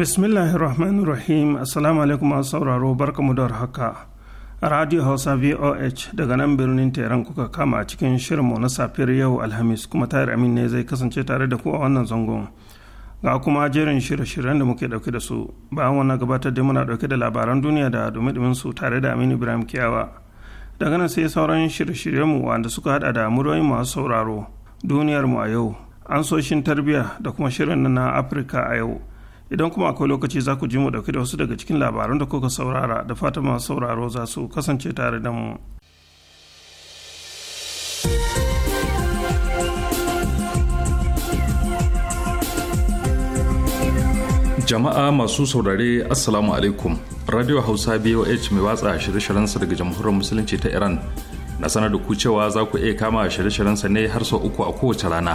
Bismillahirrahmanirrahim Assalamu alaikum masu sauraro barkamu da haka. Radio Hausa VOH daga nan birnin Teran kuka kama a cikin shirinmu na safiyar yau Alhamis kuma tayar amin ne zai kasance tare da ku a wannan zangon. Ga kuma jerin shirye-shiryen da muke dauke da su bayan wannan gabatar da muna dauke da labaran duniya da dumi su tare da Aminu Ibrahim Kiyawa. Daga nan sai sauran shirye-shiryenmu wanda suka hada da muryoyin masu sauraro duniyarmu a yau an soshin tarbiyya da kuma shirin na Afirka a yau. idan kuma akwai lokaci za ku ji mu dauke da wasu daga cikin labaran da kuka saurara da fata masu sauraro za su kasance tare da mu jama'a masu saurare assalamu alaikum radio hausa boh mai watsa shirye sa daga jamhuriyar musulunci ta iran na sanar da ku cewa za ku iya kama shirye sa ne har sau uku a kowace rana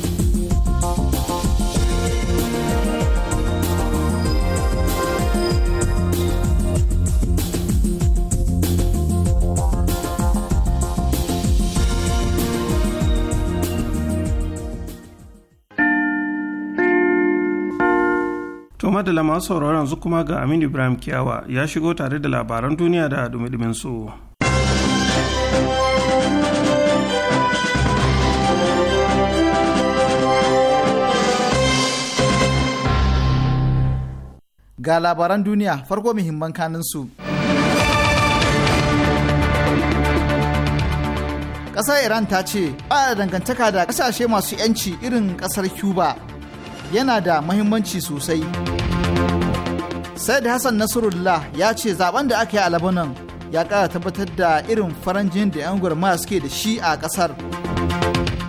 madala masu sauraron su kuma ga Aminu Ibrahim Kiyawa ya shigo tare da labaran duniya da dumidumin su. Ga labaran duniya farko muhimman kanin su. Ƙasar Iran ta ce, ba dangantaka da ƙasashe masu 'yanci irin ƙasar Cuba. yana da mahimmanci sosai said hassan nasrullah ya ce zaben da aka yi a labanan ya ƙara tabbatar da irin farin da 'yan gwarma suke da shi a ƙasar.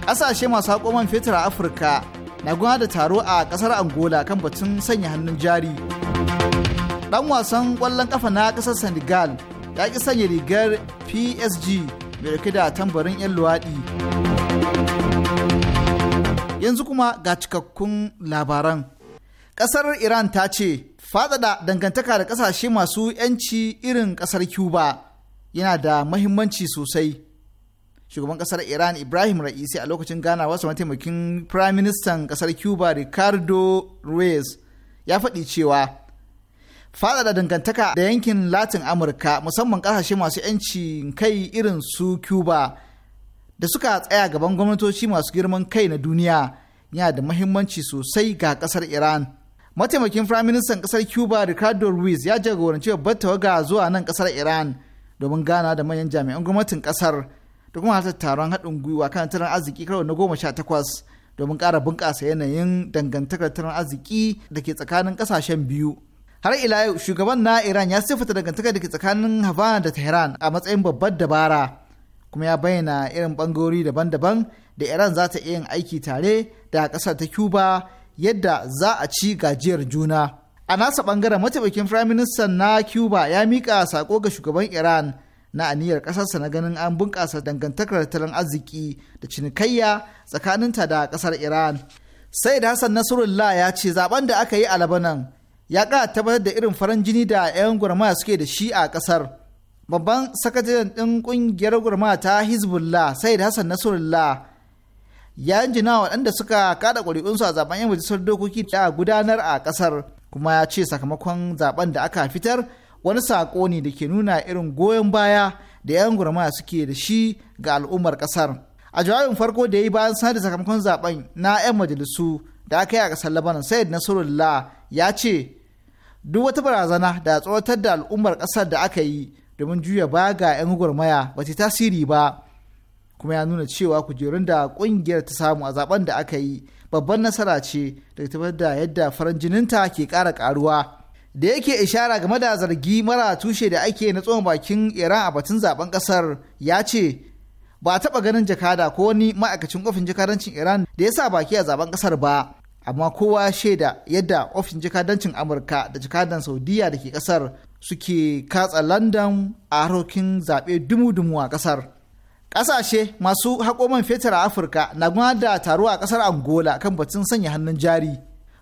ƙasashe masu hakoman fetur a afirka na gudanar da taro a ƙasar angola kan batun sanya hannun jari Ɗan wasan ƙwallon ƙafa na ƙasar senegal ya ƙi sanya rigar psg mai da tambarin 'yan luwaɗi Yanzu kuma ga cikakkun labaran. kasar Iran ta ce, faɗaɗa dangantaka da ƙasashe masu 'yanci irin ƙasar Cuba yana da mahimmanci sosai. Shugaban ƙasar Iran Ibrahim Ra'isi a lokacin wasu mataimakin Prime Minister ƙasar Cuba Ricardo Ruiz ya faɗi cewa, faɗaɗa dangantaka da yankin Latin Amurka musamman ƙasashe masu 'yancin kai irin su Cuba. da suka tsaya gaban gwamnatoci masu girman kai na duniya yana da mahimmanci sosai ga kasar Iran. Mataimakin Firaministan kasar Cuba Ricardo Ruiz ya jagoranci babbar tawaga zuwa nan kasar Iran domin gana da manyan jami'an gwamnatin kasar da kuma halartar taron haɗin gwiwa kan tattalin arziki karo na goma sha takwas domin kara bunƙasa yanayin dangantakar tattalin arziki da ke tsakanin ƙasashen biyu. Har ila yau shugaban na Iran ya siffata dangantakar da ke tsakanin Havana da Tehran a matsayin babbar dabara. kuma ya bayyana irin bangarori daban-daban da iran za ta iya yin aiki tare da ƙasar ta cuba yadda za a ci gajiyar juna a nasa bangaren mataimakin firaministan na cuba ya mika sako ga shugaban iran na aniyar ƙasarsa na ganin an bunkasa dangantakar tattalin arziki da cinikayya tsakaninta da ƙasar iran sai da hassan nasrullah ya ce zaben da aka yi a labanan ya ƙara tabbatar da irin farin jini da 'yan gwarmaya suke da shi a ƙasar babban sakataren ɗin ƙungiyar gurma ta hezbollah sai da hassan nasrullah ya jina waɗanda suka kada ƙuri'unsu a zaben yan majalisar dokoki da gudanar a ƙasar kuma ya ce sakamakon zaben da aka fitar wani saƙo ne da ke nuna irin goyon baya da 'yan gurma suke da shi ga al'ummar ƙasar a jawabin farko da ya yi bayan sanar da sakamakon zaben na 'yan majalisu da aka yi a ƙasar labanan sayid nasrullah ya ce duk wata barazana da tsoratar da al'ummar ƙasar da aka yi domin juya ba ga 'yan gwagwarmaya ba ta tasiri ba kuma ya nuna cewa kujerun da kungiyar ta samu a zaben da aka yi babban nasara ce da tabbatar da yadda farin jininta ke kara karuwa. da yake ishara game da zargi mara tushe da ake na tsohon bakin iran a batun zaben kasar ya ce ba a taɓa ganin jakada ko wani ma'aikacin ofin jakadancin iran da ya sa baki a zaben ƙasar ba amma kowa shaida yadda ofin jakadancin amurka da jakadan saudiya da ke ƙasar suke katsa Landan a harkokin zaɓe dumu-dumu a ƙasar ƙasashe masu haƙoman fetur a afirka na da taro a ƙasar angola kan batun sanya hannun jari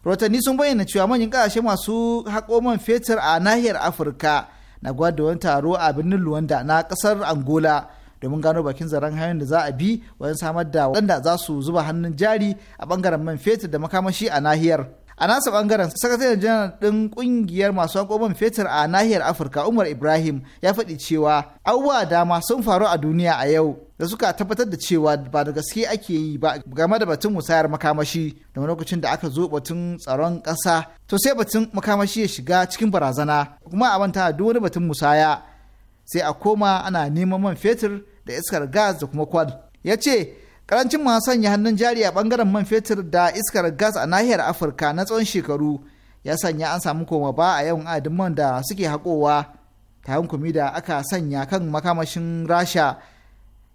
rotanni sun bayyana cewa manyan ƙasashe masu haƙoman fetur a nahiyar afirka na da wani taro a birnin luwanda na ƙasar angola domin gano bakin zaren hanyar da za a bi wajen samar da waɗanda za su zuba hannun jari a ɓangaren man fetur da makamashi a nahiyar a nasa bangaren sakataren janar din kungiyar masu hankoman fetur a nahiyar afirka umar ibrahim ya faɗi cewa abubuwa dama sun faru a duniya a yau da suka tabbatar da cewa ba da gaske ake yi ba game da batun musayar makamashi da lokacin da aka zo batun tsaron ƙasa to sai batun makamashi ya shiga cikin barazana kuma a manta duk wani batun musaya sai a koma ana neman man fetur da iskar gas da kuma kwal ya ce Karancin masu sanya hannun jari a bangaren man fetur da iskar gas a nahiyar Afirka na tsawon shekaru ya sanya an samu koma ba a yawan adadin man da suke haƙowa ta hankumi da aka sanya kan makamashin Rasha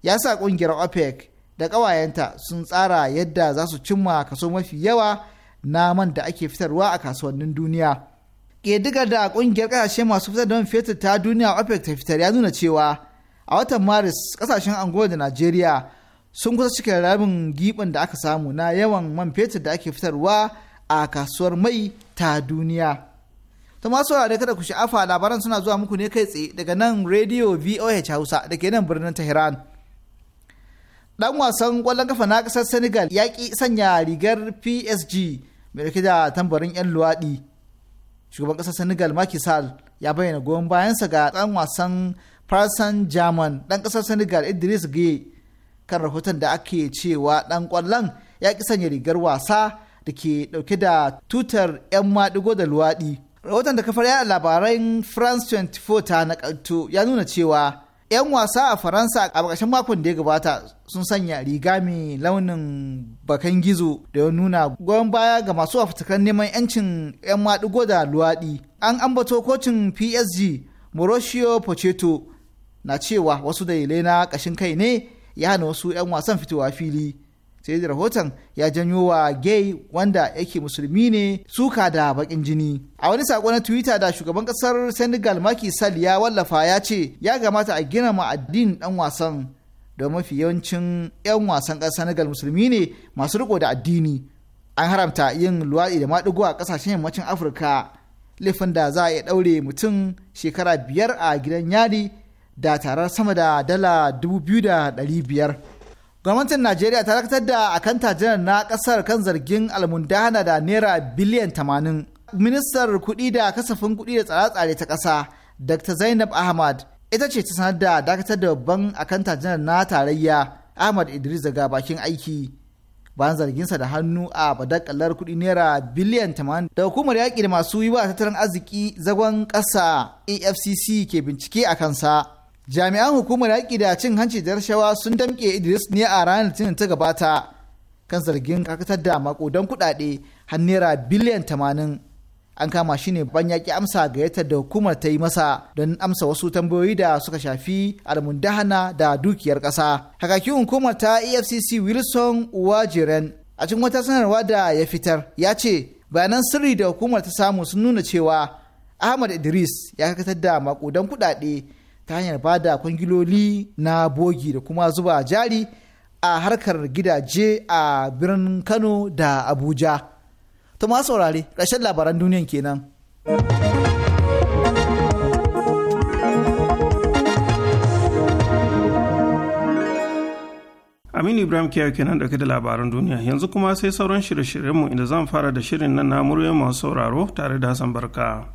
ya sa ƙungiyar OPEC da ƙawayenta sun tsara yadda za su cimma kaso mafi yawa na man da ake fitarwa a kasuwannin duniya. Ƙididdigar da ƙungiyar ƙasashe masu fitar da man fetur ta duniya OPEC ta fitar ya nuna cewa a watan Maris ƙasashen Angola da Najeriya sun kusa cika rabin giɓin da aka samu na yawan man fetur da ake fitarwa a kasuwar mai ta duniya. Ta masu da kada ku sha'afa labaran suna zuwa muku ne kai tsaye daga nan Radio VOH Hausa da ke nan birnin Tehran. Dan wasan ƙwallon kafa na ƙasar Senegal ya ƙi sanya rigar PSG mai dauke da tambarin 'yan luwaɗi. Shugaban ƙasar Senegal Macky Sall ya bayyana goyon bayansa ga ɗan wasan Farsan German ɗan ƙasar Senegal Idris Gueye kan rahoton da ake cewa ɗan kwallon ya ki sanya rigar wasa da ke ɗauke da tutar 'yan maɗigo da luwaɗi. Rahoton da kafar yada labaran France 24 ta nakalto ya nuna cewa 'yan wasa a Faransa a ƙarshen makon da ya gabata sun sanya riga mai launin bakan gizo da ya nuna goyon baya ga masu fafutukan neman 'yancin 'yan maɗigo da luwaɗi. An ambato kocin PSG Mauricio Pochettino na cewa wasu dalilai na ƙashin kai ne ya hana wasu 'yan wasan fitowa fili sai da rahoton ya janyo wa gay wanda yake musulmi ne suka da bakin jini a wani sako na twitter da shugaban kasar senegal maki sal ya wallafa ya ce ya gamata a gina ma'adin dan wasan don mafi yawancin 'yan wasan kasar senegal musulmi ne masu riko da addini an haramta yin luwaɗi da maɗigo a ƙasashen yammacin afirka laifin da za a iya ɗaure mutum shekara biyar a gidan yari da tarar sama da dala 2,500 gwamnatin najeriya ta dakatar da akanta janar na kasar kan zargin almundana da naira biliyan 80 ministar kuɗi da kasafin kuɗi da tsare-tsare ta ƙasa dr zainab ahmad ita ce ta sanar da dakatar da babban akanta janar na tarayya ahmad idris daga bakin aiki bayan zarginsa da hannu a badakalar kuɗi naira biliyan 80 da hukumar yaƙi da masu yi wa tattalin arziki zagon ƙasa efcc ke bincike a kansa jami'an hukumar yaƙi da cin hanci da rashawa sun damƙe idris ne a ranar litinin ta gabata kan zargin kakatar da makudan kuɗaɗe har naira biliyan tamanin an kama shi ne ban yaƙi amsa ga yadda da hukumar ta yi masa don amsa wasu tambayoyi da suka shafi almundahana da dukiyar ƙasa hakakin hukumar ta efcc wilson uwajiren a cikin wata sanarwa da ya fitar ya ce bayanan sirri da hukumar ta samu sun nuna cewa ahmad idris ya kakatar da makudan kuɗaɗe ta hanyar ba da kwangiloli na bogi da kuma zuba jari a harkar gidaje a birnin kano da abuja to ma saurare ƙarshen labaran duniyan kenan. Aminu Ibrahim Kiyawa kenan dauke da labaran duniya yanzu kuma sai sauran shirye-shiryenmu inda zan fara da shirin nan na muryoyin masu sauraro tare da Hassan Barka.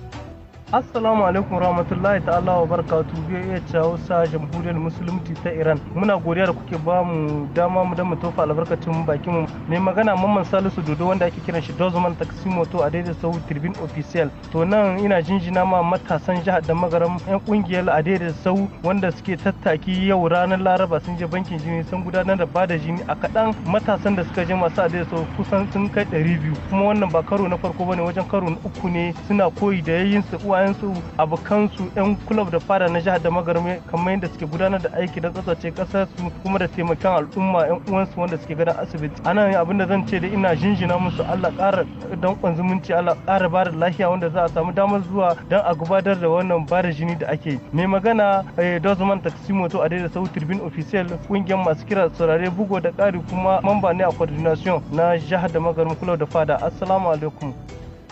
Assalamu alaikum rahmatullahi ta'ala wa barakatu biyo iya cawo sa jamhuriyar musulunci ta Iran. Muna godiya da kuke ba mu dama mu da mu albarkacin bakin mu. Mai magana Mamman Salisu Dodo wanda ake kiran shi Dozman to a daidai sau Tribune Official. To nan ina jinjina ma matasan jihar da magaram yan kungiyar a daidai sau wanda suke tattaki yau ranar Laraba sun je bankin jini sun gudanar da bada jini a kaɗan matasan da suka je masu a daidai sau kusan sun kai ɗari biyu. Kuma wannan ba karo na farko bane wajen karo na uku ne suna koyi da yayin su uwa abokan abokansu 'yan kulab da fada na jihar da magarme kamar yadda suke gudanar da aiki da tsatsace kasar su kuma da taimakon al'umma 'yan uwansu wanda suke gadon asibiti anan abin da zan ce da ina jinjina musu Allah ƙara dankon zumunci Allah ƙara ba da lafiya wanda za a samu damar zuwa dan a gudanar da wannan ba da jini da ake mai magana eh, Dozman moto a daidai sau turbin official kungiyar masu kira saurare bugo da ƙari kuma mamba ne a coordination na jihar da magarin da fada assalamu alaikum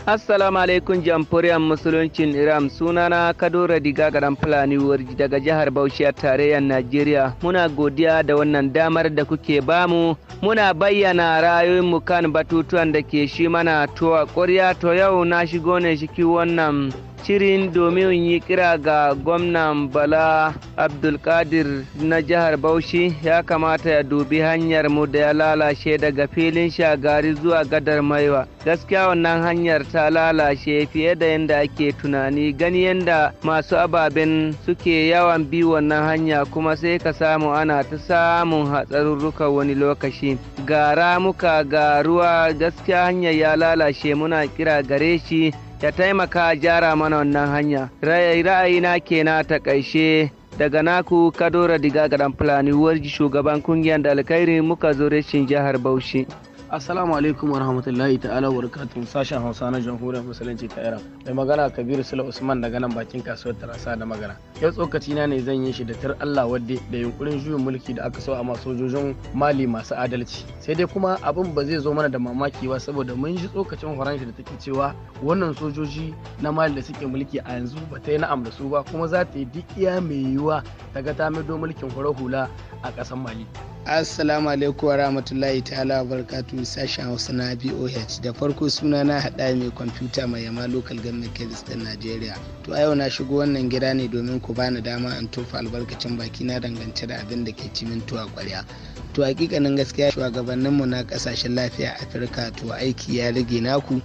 Assalamu alaikum jamhuriyar musuluncin Iram sunana Kadora Diga garan Fulani Warji daga jihar Bauchi a tarayyar Najeriya. Muna godiya da wannan damar da kuke bamu. Muna bayyana mu kan batutuwan da ke shi mana tuwa ƙwarya to yau na shigo ne shiki wannan shirin domin yi kira ga gwamnan Bala Abdulkadir na jihar Bauchi ya kamata ya dubi hanyar mu da ya lalace daga filin shagari zuwa gadar maiwa. Gaskiya wannan hanyar ta lalace fiye da yadda ake tunani gani yadda masu ababen suke yawan bi wannan hanya kuma sai ka samu ana ta samun hatsarurruka wani lokaci. Ga ramuka ga ruwa gaskiya hanyar ya lalace muna kira gare shi ya taimaka gyara mana wannan hanya ra'ayi na ra'ayina na ta ƙaishe daga naku kadora diga gadan fulani shugaban kungiyar da alkhairi muka zo rashin jihar bauchi Assalamu alaikum warahmatullahi ta'ala barakatuhu sashen Hausa na Jamhuriyar Musulunci ta Iran. Mai magana Kabiru Sula Usman daga nan bakin kasuwar Tarasa da Magana. Yau tsokaci na ne zan yi shi da tar Allah wadde da yunkurin juyin mulki da aka so a sojojin Mali masu adalci. Sai dai kuma abin ba zai zo mana da mamaki ba saboda mun ji tsokacin Faransa da take cewa wannan sojoji na Mali da suke mulki a yanzu ba ta yi na'am da su ba kuma za ta yi duk iya mai yiwuwa ta ga ta mulkin hula a ƙasar Mali. Assalamu alaikum warahmatullahi ta'ala barakatuhu sashen hausa na boh da farko suna na haɗa mai kwamfuta mai yama local government kebis nigeria to a yau na shigo wannan gida ne domin ku bani dama in tofa albarkacin baki na dangance da abin da ke cimin tuwa kwarya to hakikanin gaskiya shugabanninmu na kasashen lafiya afirka to aiki ya rage naku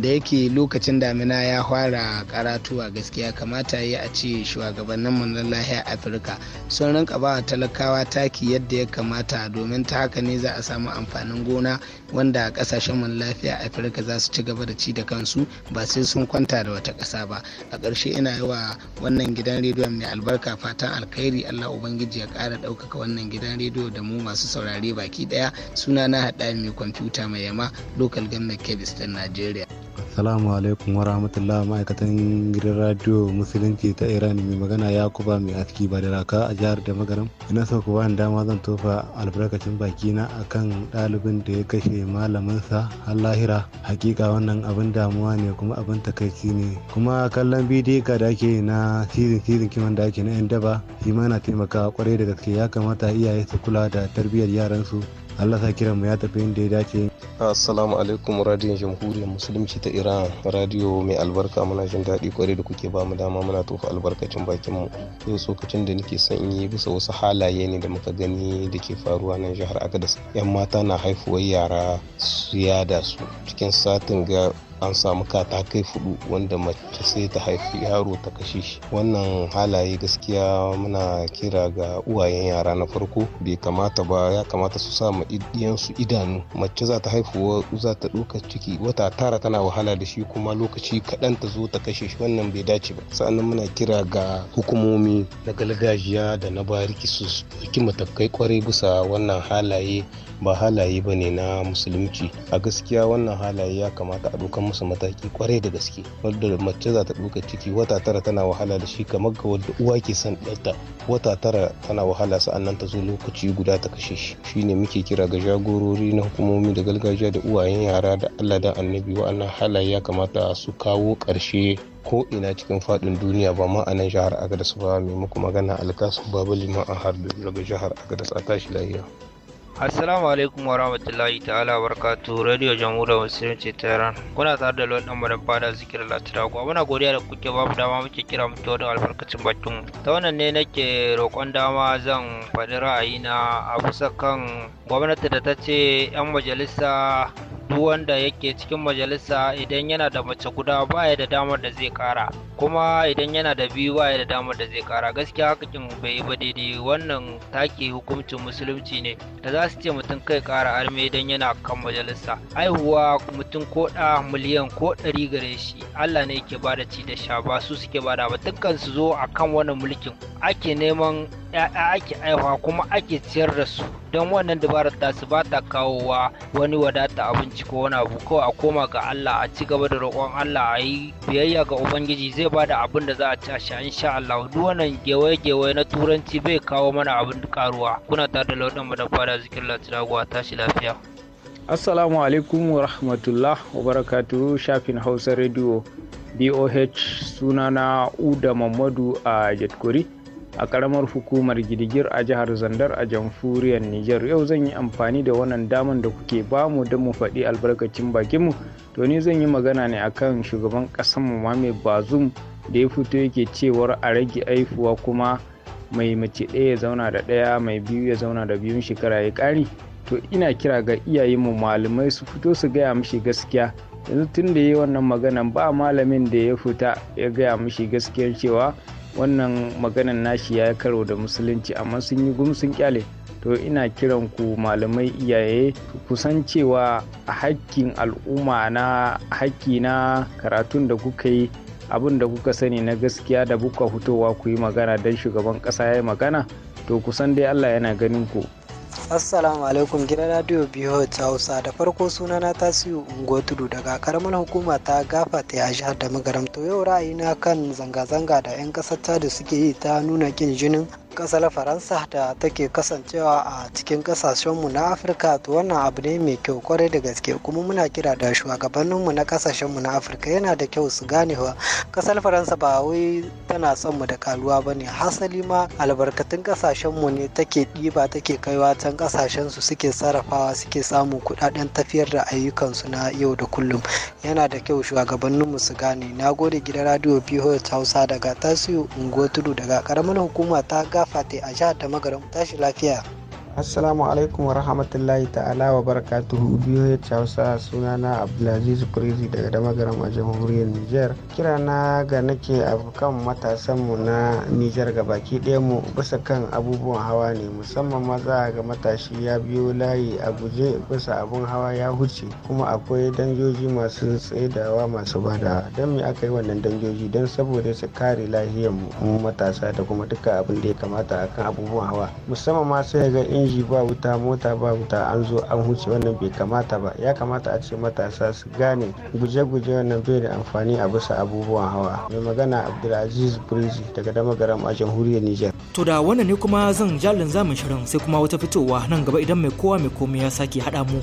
da yake lokacin damina ya fara karatuwa gaskiya kamata ya a ce shugabanninmu na lahiyar afirka sun rinka ba talakawa taki yadda ya kamata domin ta haka ne za a samu amfanin gona wanda kasashen mu lafiya afirka za su ci gaba da ci da kansu ba sai sun kwanta da wata ƙasa ba a ƙarshe ina yi wa wannan gidan rediyon mai albarka fatan alkhairi allah ubangiji ya kara ɗaukaka wannan gidan rediyo da mu masu saurare baki ɗaya suna na haɗa mai kwamfuta mai yama lokal gannan kebis ɗin najeriya Assalamu alaikum wa rahmatullah ma'aikatan gidan radio musulunci ta Iran mai magana Yakuba mai aski ba da raka a jihar da magaram. Ina so ku bani dama zan tofa albarkacin baki bakina akan ɗalibin da ya kashe malaminsa har lahira. Hakika wannan abin damuwa ne kuma abin takaici ne. Kuma kallon bidiyo ka da ake na season season kiman da ake na 'yan daba shi ma yana taimakawa kwarai da gaske ya kamata iyaye su kula da tarbiyyar yaransu Allah sa kiran mu ya tafi inda ya dace Assalamu alaikum radiyon jamhuriyar musulunci ta Iran radiyo mai albarka muna jin daɗi kwarai da kuke ba mu dama muna tofa albarkacin bakin mu yau tsokacin da nake son in yi bisa wasu halaye ne da muka gani da ke faruwa nan jihar Agadas yan mata na haifuwar yara su yada su cikin satin ga an samu katakai fudu wanda mace sai ta haifi yaro ta kashe shi wannan halaye gaskiya muna kira ga uwayen yara na farko bai kamata ba ya kamata su sa su idanu mace za ta haifu za ta ɗauka ciki wata tara tana wahala da shi kuma lokaci kaɗan ta zo ta kashe shi wannan bai dace ba sa'annan muna kira ga hukumomi na gargajiya da na bariki su ɗauki matakai kwarai bisa wannan halaye ba halaye ba ne na musulunci a gaskiya wannan halaye ya kamata a ɗaukan musu mataki kwarai da gaske wadda mace za ta ɗauka ciki wata tara tana wahala da shi kamar ga wadda uwa ke son ɗanta wata tara tana wahala sa'annan ta zo lokaci guda ta kashe shi shine muke kira ga jagorori na hukumomi da gargajiya da uwayen yara da allah da annabi wa'annan halaye ya kamata su kawo ƙarshe ko ina cikin faɗin duniya ba ma a nan jihar agadas ba maimakon magana alkasu babu liman a harbe daga jihar agadas a tashi lahiya Assalamu alaikum wa rahmatullahi ta'ala wa barakatu Radio Jamhuriyar Musulunci Tehran. Kuna tare da Lord Dan Madan Fada Zikir ta dago muna godiya da kuke babu dama muke kira mu to da albarkacin bakin mu. Ta wannan ne nake roƙon dama zan faɗi ra'ayina a bisa kan gwamnati da ta ce 'yan majalisa duk wanda yake cikin majalisa idan yana da mace guda ba ya da damar da zai kara kuma idan yana da biyu ba ya da damar da zai kara gaskiya hakikin bai ba daidai wannan take hukuncin musulunci ne da za su ce mutum kai kara arme idan yana kan majalisa aihuwa mutum ko da miliyan ko ɗari gare shi allah ne yake bada ci da sha ba su suke bada ba dukkan su zo akan wannan mulkin ake neman 'ya'ya ake aihuwa kuma ake ciyar da su don wannan dabarar tasu ba ta kawowa wani wadata abinci ko wani abu kawai a koma ga Allah a ci gaba da roƙon Allah a yi biyayya ga Ubangiji zai ba da abin da za a ci a sha insha Allah duk wannan gewaye-gewaye na turanci bai kawo mana abin karuwa kuna tare da lauɗin mu da fara zikin latiraguwa tashi lafiya. Assalamu alaikum wa rahmatullah wa barakatuhu shafin Hausa Radio BOH sunana Uda Mamadu a Jatkori. a karamar hukumar gidigir a jihar Zandar a jamhuriyar niger Yau zan yi amfani da wannan daman da kuke bamu don mu faɗi albarkacin bakinmu. To ni zan yi magana ne akan shugaban ƙasarmu mame bazum da ya fito yake cewar a rage aifuwa kuma mai mace ɗaya ya zauna da ɗaya mai biyu ya zauna da biyun shekara ya ƙari to ina kira ga iyayenmu malamai su fito su gaya mishi gaskiya yanzu tun da ya yi wannan maganan ba malamin da ya fita ya gaya mishi gaskiyar cewa wannan maganan nashi ya karo da musulunci amma sun yi gumsun kyale to ina kiran ku malamai iyaye kusan cewa hakkin al'umma na hakki na karatun da kuka yi abin da kuka sani na gaskiya da buka hutowa ku yi magana don shugaban ƙasa ya yi magana to kusan dai allah yana ganin ku Assalamu alaikum gidan radio ta Hausa da farko suna na tasiu ungo tudu daga karamar hukuma ta gafa ta jihar da magaram to yau ra'ayina kan zanga-zanga da 'yan kasar da suke yi ta nuna ƙin jinin kasar faransa da take kasancewa a cikin kasashenmu na afirka to wannan abu ne mai kyau kwarai da gaske kuma muna kira da shugabanninmu na kasashenmu na afirka yana da kyau su ganewa kasar faransa ba wai tana son mu da karuwa ba ne hasali ma albarkatun kasashenmu ne take ɗiba take kaiwa can kasashen su suke sarrafawa suke samun kuɗaɗen tafiyar da ayyukansu na yau da kullum yana da kyau shugabanninmu su gane na gode gidan radio pihoyot hausa daga tasiu unguwa tudu daga karamar hukuma ta fatai a jihar da magaram tashi lafiya assalamu alaikum wa rahmatullahi ta'ala wa barakatuhu ci hausa suna na abdulaziz crazy daga damagaram a jamhuriyar nijar. kira na ga nake kan matasanmu na nijar ga baki mu bisa kan abubuwan hawa ne musamman maza ga matashi ya biyo layi a guje bisa abun hawa ya huce kuma akwai dangoji masu tsaidawa masu bada don me aka yi wannan dangoji don saboda su kare lahiyar mu matasa da kuma duka abin da ya kamata akan abubuwan hawa musamman ma sai ga canji ba wuta mota ba wuta an zo an huce wannan bai kamata ba ya kamata a ce matasa su gane guje-guje wannan bai da amfani a bisa abubuwan hawa mai magana abdulaziz burji daga damagaram a jamhuriyar niger to da wannan ne kuma zan jalin zamin shirin sai kuma wata fitowa nan gaba idan mai kowa mai komai ya sake haɗa mu.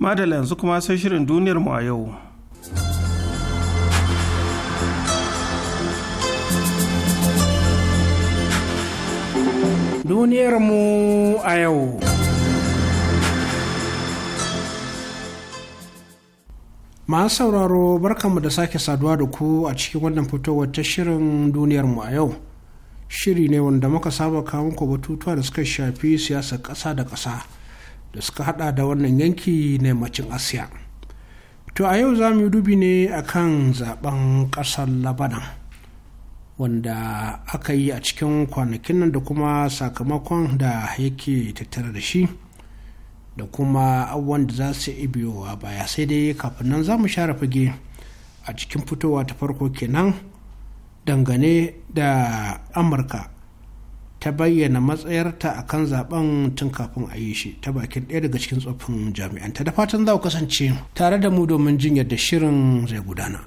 madala yanzu kuma sai shirin duniyar mu a yau duniyar mu a yau masu sauraro barkanmu da sake saduwa da ku a cikin wannan fitowar ta shirin duniyarmu a yau shiri ne wanda muka saba kawo muku batutuwa da suka shafi siyasar ƙasa da ƙasa da suka hada da wannan yanki na yammacin asiya to a yau za mu dubi ne a kan zaben kasar labanan wanda aka yi a cikin kwanakin nan da kuma sakamakon da yake tattare da shi da kuma abubuwan da za su biyowa baya sai dai kafin nan za mu share fage a cikin fitowa ta farko kenan dangane da amurka ta bayyana matsayarta a kan zaben tun kafin a yi shi ta bakin ɗaya daga cikin tsoffin jami'an ta da fatan za ku kasance tare da mu domin jin yadda shirin zai gudana.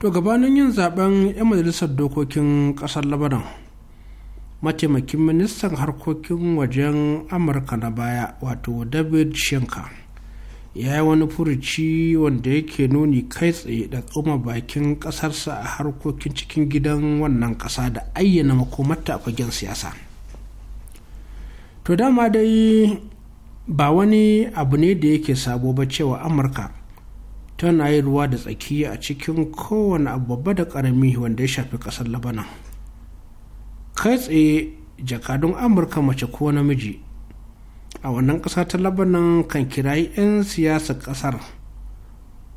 to gabanin yin zaben 'yan majalisar dokokin ƙasar labaran mataimakin ministan harkokin wajen amurka na baya wato david shinka ya yi wani furuci wanda yake nuni kai tsaye da tsoma bakin ƙasarsa a harkokin cikin gidan wannan ƙasa da ayyana makomata a fagen siyasa to dama dai ba wani abu ne da yake sabo ba cewa amurka tana yi ruwa da tsaki a cikin kowane abu babba da ƙarami wanda ya shafi ƙasar labanan kai tsaye jakadun amurka mace ko namiji a wannan ƙasa ta labanan kan kirayi 'yan siyasa ƙasar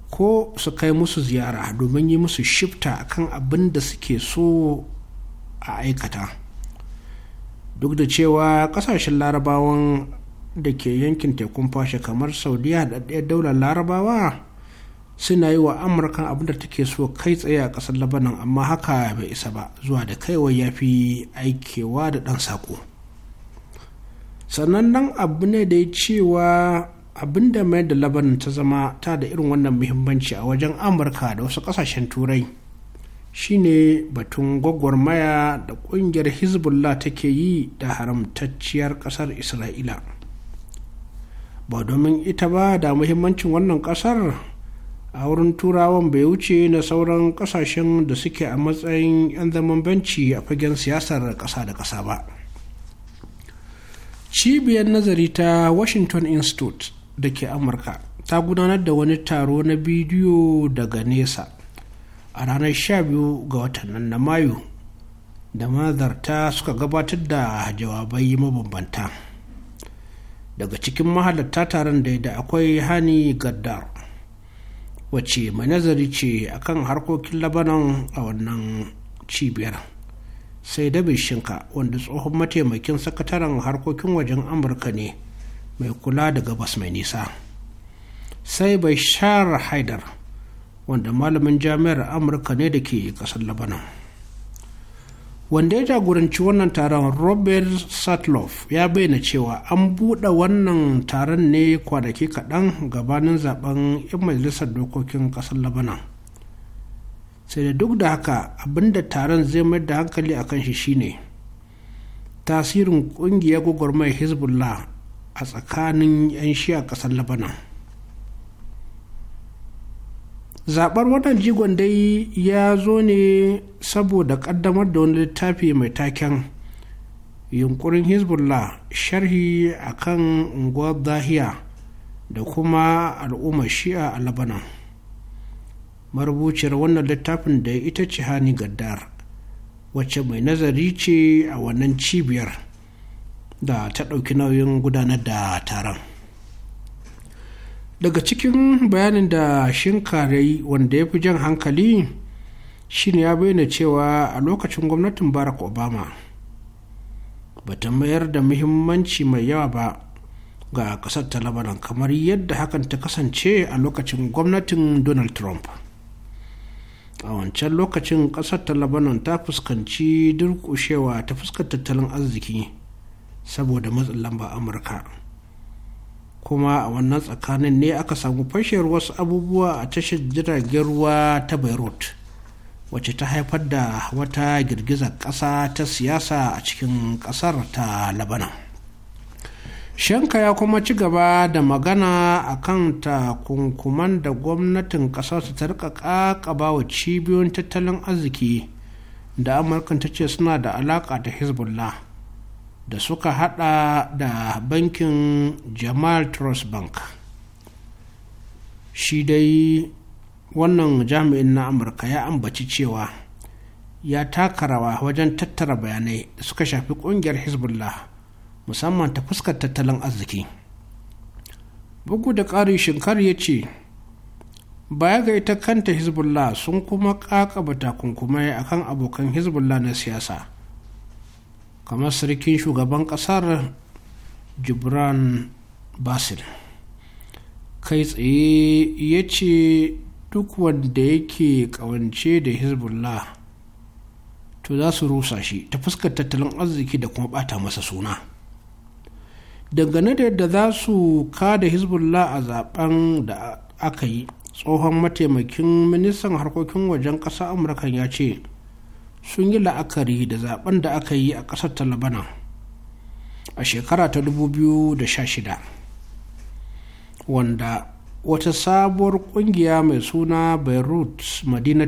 ko su kai musu ziyara domin yi musu shifta kan abin da suke so a aikata duk da cewa ƙasashen larabawan da ke yankin tekun fashe kamar saudiya da ɗaya daular larabawa suna yi wa amurkan abin da take so kai tsaye a ƙasar labanan amma haka bai isa ba zuwa da kaiwa ya fi aikewa da ɗan saƙo sannan nan abu ne da ya cewa abin da mai da labanan ta zama ta da irin wannan muhimmanci a wajen amurka da wasu ƙasashen turai shine batun gwagwarmaya da ƙungiyar hezbollah take yi da haramtacciyar ƙasar isra'ila ba domin ita ba da muhimmancin wannan ƙasar a wurin turawan bai wuce na sauran kasashen da suke a matsayin 'yan zaman banci a fagen siyasar ƙasa da ƙasa ba cibiyar nazari ta washington institute da ke amurka ta gudanar da wani taro na bidiyo daga nesa a ranar 12 ga watan nan na mayu da mazarta suka gabatar da jawabai mabambanta daga cikin mahalarta taron da akwai hani gaddar Wace mai nazari ce akan harkokin labanan a wannan cibiyar sai dabi shinka wanda tsohon mataimakin sakataren harkokin wajen amurka ne mai kula da gabas mai nisa sai bashar haidar wanda malamin jami'ar amurka ne da ke kasar labanan wanda ya jagoranci wannan taron robert satloff ya bayyana cewa an buɗe wannan taron ne kwanaki kaɗan gabanin zaben 'yan majalisar dokokin ƙasar labanan sai da duk da haka abinda taron zai mayar da hankali a kan shi shine tasirin ƙungiyar gwagwarmayar hezbollah a tsakanin 'yan shi a ƙasar labanan zaɓar wannan jigon dai ya zo ne saboda ƙaddamar da wani littafi mai taken yunkurin hezbollah sharhi a kan unguwar zahiya da kuma al'ummar shi'a a labanan marubuciyar wannan littafin da ita ce hani gaddar wacce mai nazari ce a wannan cibiyar da ta ɗauki nauyin gudanar da taron daga cikin bayanin da shinkare wanda ya fi jan hankali shine ya bayyana cewa a lokacin gwamnatin barack obama ba ta mayar da muhimmanci mai yawa ba ga kasar ta labanan kamar yadda hakan ta kasance a lokacin gwamnatin donald trump a wancan lokacin kasar ta labanan ta fuskanci durkushewa ta fuskar tattalin arziki saboda matsin lamba amurka kuma a wannan tsakanin ne aka samu fashewar wasu abubuwa a tashar jiragen ruwa ta beirut wacce ta haifar da wata girgizar ƙasa ta siyasa a cikin ƙasar ta labanan shanka ya kuma ci gaba da magana a kan takunkuman da gwamnatin su ta rika ƙaƙaba wa cibiyoyin tattalin arziki da amurkan ta ce suna da alaƙa da hezbollah da suka hada da bankin jamal trust bank shi dai wannan jami'in na amurka ya ambaci cewa ya taka rawa wajen tattara bayanai da suka shafi kungiyar hezbollah musamman ta fuskar tattalin arziki bugu da ƙari shinkar ya ce baya ga ita kanta hezbollah sun kuma kakaba takunkumai akan abokan hezbollah na siyasa kamar sarkin shugaban kasar jibran basir kai tsaye ya ce duk wanda yake kawance da hezbollah to za su rusa shi ta fuskar tattalin arziki da kuma bata masa suna dangane da yadda za su kada hezbollah a zaben da aka yi tsohon mataimakin ministan harkokin wajen ƙasa amurka ya ce sun yi la'akari da zaben da aka yi a ƙasar ta labanan a shekara ta 2016 wanda wata sabuwar ƙungiya mai suna beirut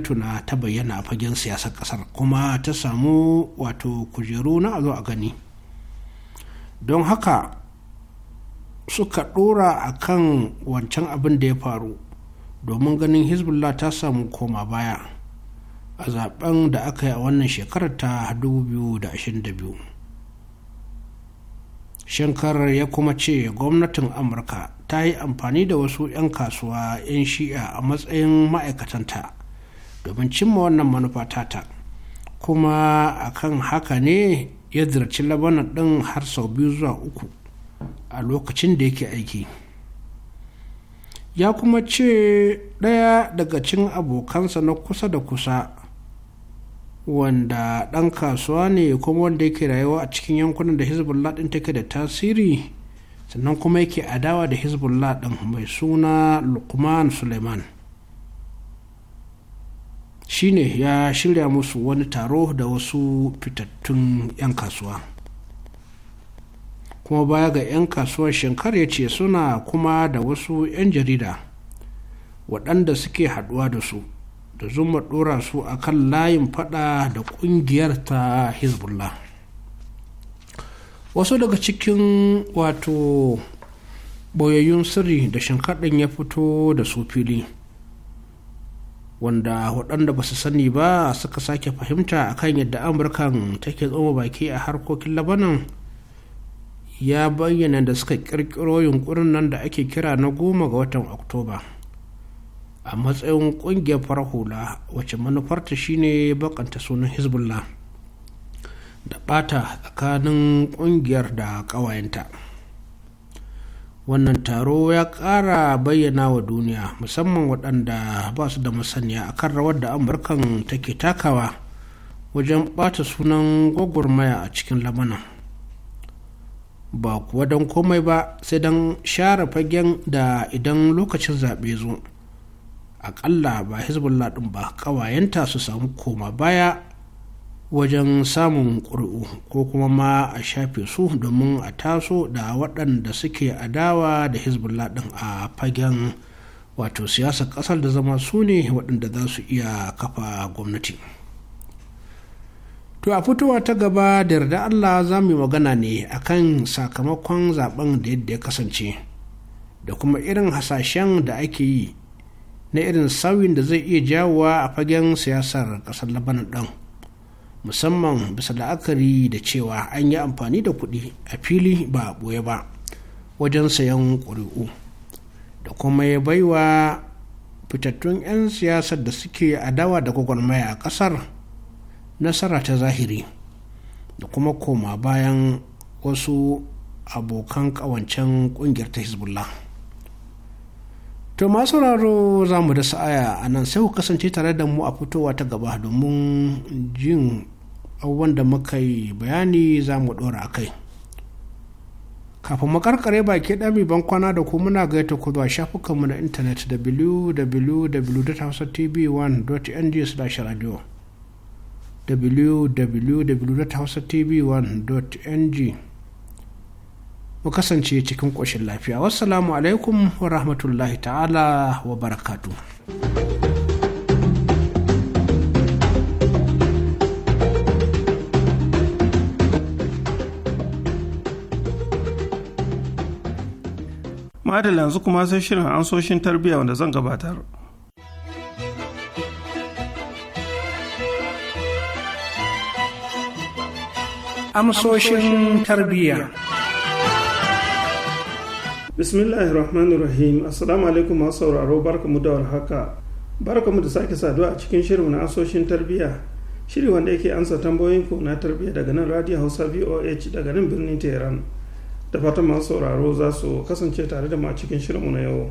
tuna ta bayyana a fagen siyasar ƙasar, kuma ta samu wato kujeru na azo a gani don haka suka ɗora a kan wancan abin da ya faru domin ganin hezbollah ta samu koma baya a zaben da aka yi a wannan shekarar ta 2022 shankar ya kuma ce gwamnatin amurka ta yi amfani da wasu 'yan kasuwa 'yan shi'a a matsayin ma'aikatanta domin cimma wannan manufa tata kuma akan haka ne ya zirci labanan ɗin har sau biyu zuwa uku a lokacin da yake aiki ya kuma ce ɗaya daga cin abokansa na kusa da kusa wanda ɗan kasuwa ne kuma wanda yake rayuwa a cikin yankunan da hezbollah ɗin take da tasiri sannan kuma yake adawa da hezbollah ɗin mai suna lukman suleiman ne ya shirya musu wani taro da wasu fitattun 'yan kasuwa kuma baya ga 'yan kasuwar shankar ya ce suna kuma da wasu 'yan jarida waɗanda suke haɗuwa da su da zuma dora su a kan layin fada da ƙungiyar ta hezbollah wasu daga cikin wato ɓoyayyun sirri da shinkadin ya fito da su fili wanda waɗanda ba su sani ba suka sake fahimta akan yadda amurkan take tsoma baki a harkokin labanan ya bayyana da suka ƙirƙiro yunkurin nan da ake kira na goma ga watan oktoba a matsayin kungiyar farar hula wacce manufarta shine bakanta sunan hezbollah da bata tsakanin kungiyar da kawayenta wannan taro ya kara bayyana wa duniya musamman waɗanda ba su da masaniya akan rawar da amurkan take takawa wajen bata sunan gwagwarmaya a cikin lamana. ba kuwa don komai ba sai don share fagen da idan lokacin zaɓe zo akalla ba hezbollah ɗin ba ƙawayenta su samu koma baya wajen samun ƙuri'u ko kuma ma a shafe su domin a taso da waɗanda suke adawa da hezbollah ɗin a fagen wato siyasar ƙasar da zama su ne waɗanda za su iya kafa gwamnati to a fitowa ta gaba da yarda allah za mu yi magana ne akan sakamakon zaben da yadda ya kasance da kuma irin hasashen da ake yi na irin sauyin da zai iya jawowa a fagen siyasar ƙasar labanan ɗin musamman bisa la'akari da cewa an yi amfani da kuɗi a fili ba a ɓoye ba wajen sayan ƙuri'u da kuma ya baiwa fitattun 'yan siyasar da suke adawa da gwagwarmaya a ƙasar nasara ta zahiri da kuma koma bayan wasu abokan ƙawancen ƙungiyar ta hezbollah To masu sauraro za mu da sa'aya a nan sai ku kasance tare da mu a fitowa ta gaba domin jin abubuwan da muka yi bayani za mu ɗora a kai. Kafin makarkare baki ɗami ban kwana da ku muna gaita ku zuwa shafukanmu na intanet www.hausatv1.ng/radio www.hausatv1.ng mu kasance cikin ƙoshin lafiya wassalamu alaikum wa rahmatullahi ta'ala wa barakatu. madalla yanzu kuma sai shirin ansoshin tarbiyya wanda zan gabatar. Amsoshin tarbiyya. bismillahir rahmanir rahim assalamu alaikum masu sauraro barkamu da warhaka mu da sake saduwa a cikin shirin na asoshin tarbiyya shiri wanda yake ansa tambayoyin ku na tarbiyya daga nan radio hausa voh daga nan birnin tehran da fatan masu sauraro za su kasance tare da mu a cikin shirinmu na yau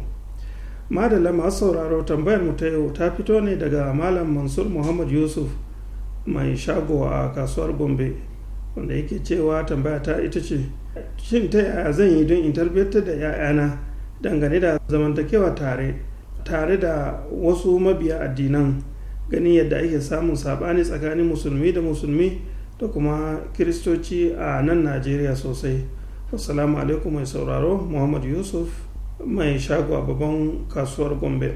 madalla masu sauraro tambayar mu ta yau ta fito ne daga malam mansur muhammad yusuf mai shago a kasuwar gombe wanda yake cewa tambaya ta ita ce shin ta yaya zan yi don in tarbiyyar da 'ya'yana dangane da zamantakewa tare tare da wasu mabiya addinan ganin yadda ake samun saɓani tsakanin musulmi da musulmi da kuma kiristoci a nan najeriya sosai assalamu alaikum mai sauraro muhammad yusuf mai shago a babban kasuwar gombe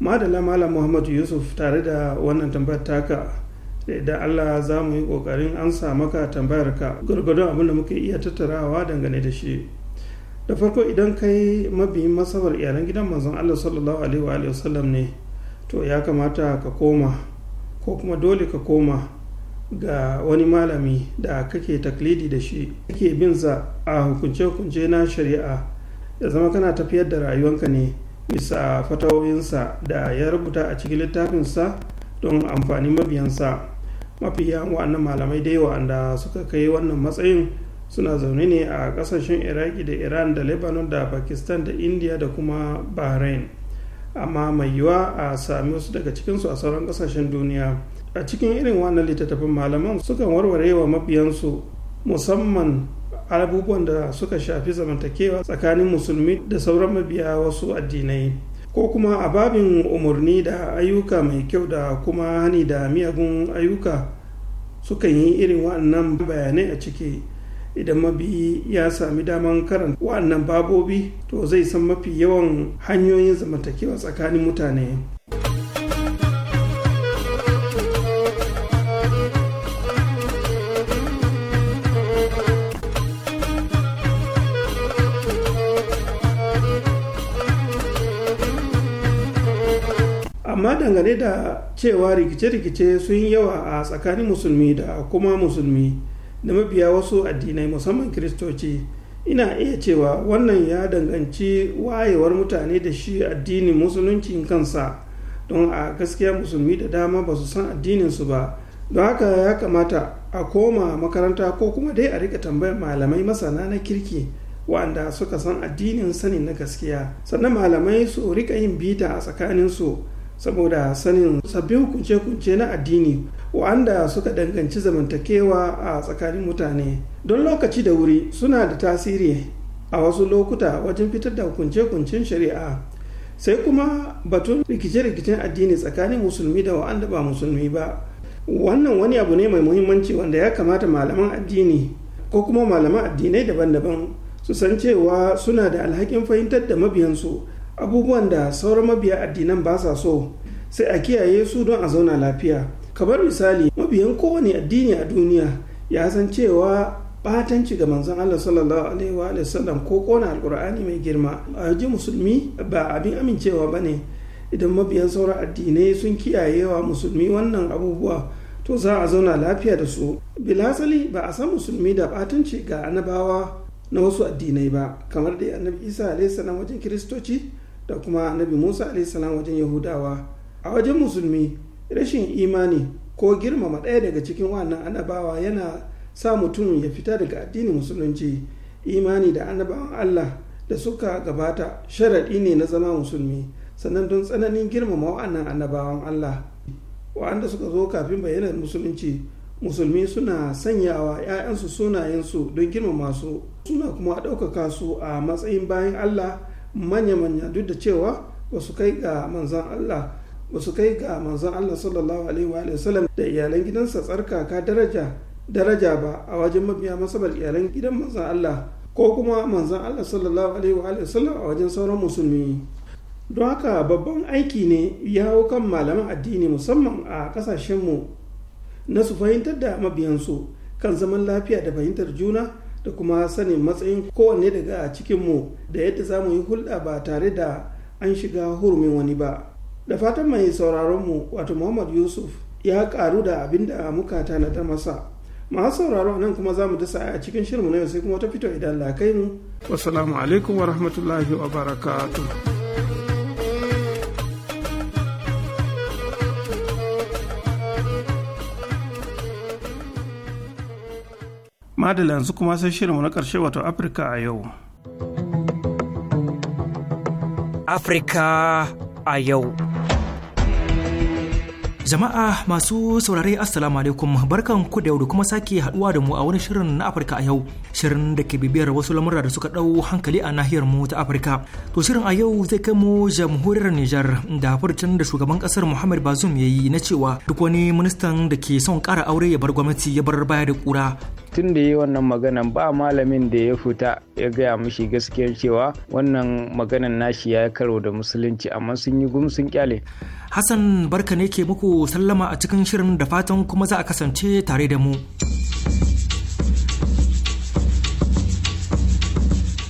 madala malam muhammad yusuf tare da wannan tambayar taka da idan Allah za mu yi ƙoƙarin sa maka tambayarka gwargwadon abin da muke iya tattarawa dangane da shi da farko idan kai mabiyin masabar iyalan gidan manzon Allah sallallahu alaihi wa wasallam ne to ya kamata ka koma ko kuma dole ka koma ga wani malami da kake taklidi da shi kake bin sa a hukunce-hukunce na shari'a ya zama kana tafiyar da rayuwanka ne bisa fatawoyinsa da ya rubuta a cikin littafinsa don amfanin mabiyansa mafi yawan wa'annan malamai dai wa'anda suka kai wannan matsayin suna zaune ne a kasashen iraki da iran da lebanon da pakistan da india da kuma bahrain amma mai yiwa a sami wasu daga cikinsu a sauran ƙasashen duniya a cikin irin wannan littattafan malaman sukan warware wa mabiyansu musamman abubuwan da suka shafi zamantakewa tsakanin musulmi da sauran mabiya wasu addinai ko kuma a babin umarni da ayyuka mai kyau da kuma hani da miyagun ayyuka sukan yi irin waɗannan bayanai a ciki idan mabi ya sami daman karanta waɗannan babobi to zai san mafi yawan hanyoyin zamantakewa tsakanin mutane amma dangane da cewa rikice-rikice sun yi yawa a tsakanin musulmi da kuma musulmi da mabiya wasu addinai musamman kiristoci ina iya cewa wannan ya danganci wayewar mutane da shi addinin musuluncin kansa don a gaskiya musulmi da dama ba su san addininsu ba don haka ya kamata a koma makaranta ko kuma dai a rika tambayar malamai masana na kirki wa'anda suka san addinin sanin na gaskiya sannan malamai su rika yin bita a tsakaninsu saboda sanin sabbin hukunce-hukunce na addini wa'anda suka danganci zamantakewa a tsakanin mutane don lokaci da wuri suna da tasiri a wasu lokuta wajen fitar da hukunce-hukuncen shari'a sai kuma batun rikice-rikicen addini tsakanin musulmi da wa'anda ba musulmi ba wannan wani abu ne mai muhimmanci wanda ya kamata malaman addini ko kuma malaman addinai daban-daban su san cewa suna da alhakin fahimtar da mabiyansu abubuwan da sauran mabiya addinan ba sa so sai a kiyaye su don a zauna lafiya kamar misali mabiyan kowane addini a duniya ya san cewa batanci ga manzon Allah sallallahu alaihi wa sallam ko kona alkur'ani mai girma a ji musulmi ba abin amincewa ba ne idan mabiyan sauran addinai sun kiyaye wa musulmi wannan abubuwa to za a zauna lafiya da su bilasali ba a san musulmi da batanci ga annabawa na wasu addinai ba kamar dai annabi isa alaihi salam wajen kiristoci da kuma annabi musa salam wajen yahudawa a wajen musulmi rashin imani ko girmama ɗaya daga cikin wannan annabawa yana sa mutum ya fita daga addinin musulunci imani da annabawan allah da suka gabata sharaɗi ne na zama musulmi sannan don tsananin girmama wa'annan annabawan allah wa'anda suka zo kafin bayyanar musulunci musulmi suna sanyawa 'ya'yansu sunayensu don girmama su suna kuma ɗaukaka su a matsayin bayan allah manya-manya duk da cewa ba su kai ga Manzan Allah ba su kai ga manzan Allah sallallahu alaihi wa sallam da iyalan gidansa tsarkaka daraja daraja ba a wajen mabiya masabar iyalan gidan manzan Allah ko kuma Manzan Allah sallallahu alaihi wa sallam a wajen sauran musulmi don haka babban aiki ne ya hau kan malaman addini musamman a kasashenmu na su fahimtar da mabiyansu kan zaman lafiya da fahimtar juna da kuma sanin matsayin kowanne daga a cikinmu da yadda za mu yi hulɗa ba tare da an shiga hurumin wani ba da fatan mai sauraronmu wato muhammad yusuf ya karu da abin da muka tanada masa masu sauraro nan kuma za mu dasa a cikin shirmu na yau sai kuma wata fito idan lakai mu wasu alaikum wa rahmatullahi wa barakatuh madala yanzu kuma sai shirinmu na ƙarshe wato afirka a yau afirka a yau Jama'a masu saurare Assalamu alaikum barkan ku da yau kuma sake haduwa da mu a wani shirin na Afirka a yau shirin da ke bibiyar wasu lamura da suka dau hankali a nahiyar mu ta Afirka. To shirin a yau zai kai mu jamhuriyar Nijar da furcin da shugaban kasar Muhammad Bazoum yi na cewa duk wani ministan da ke son kara aure ya bar gwamnati ya bar baya da kura tun da yi wannan maganan ba malamin da ya fita ya gaya mishi gaskiyar cewa wannan maganan nashi ya karo da musulunci amma sun yi gumsun kyale Hassan barka ne ke muku sallama a cikin shirin da fatan kuma za a kasance tare da mu.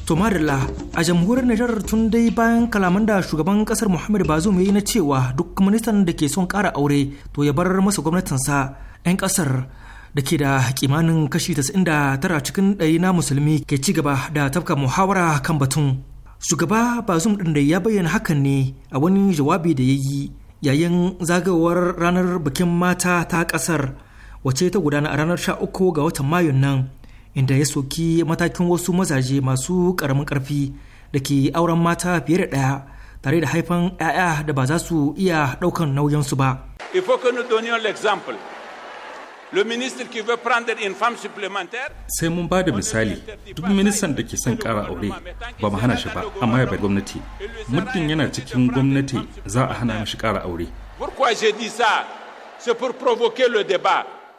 Somalila a jamhuriyar Nijar tun dai bayan kalaman da shugaban kasar Muhammadu Bazoum ya yi na cewa duk ministan da ke son ƙara aure to ya bar masa gwamnatinsa 'yan ƙasar da ke da kimanin kashi 99 cikin ɗari na musulmi ke ci gaba da tafka muhawara kan batun. Shugaba Bazoum ɗin da ya bayyana hakan ne a wani jawabi da ya yi yayin zagayowar ranar bikin mata ta kasar wace ta gudana a ranar 13 ga watan mayun nan inda ya soki matakin wasu mazaje masu karamin karfi da ke auren mata fiye da ɗaya tare da haifan 'ya'ya da ba za su iya ɗaukan nauyinsu ba. Il sai mun ba da misali duk ministan da ke son kara aure ba mu hana shi ba amma ya bai gwamnati muddin yana cikin gwamnati za a hana mashi kara aure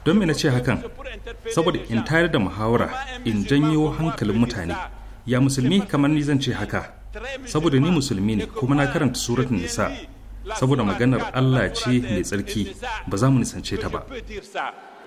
don me na ce hakan saboda in tayar da muhawara in janyo hankalin mutane ya musulmi kamar ni zan ce haka saboda ni musulmi ne kuma na karanta suratun nisa saboda maganar Allah ce mai tsarki ba za mu nisance ta ba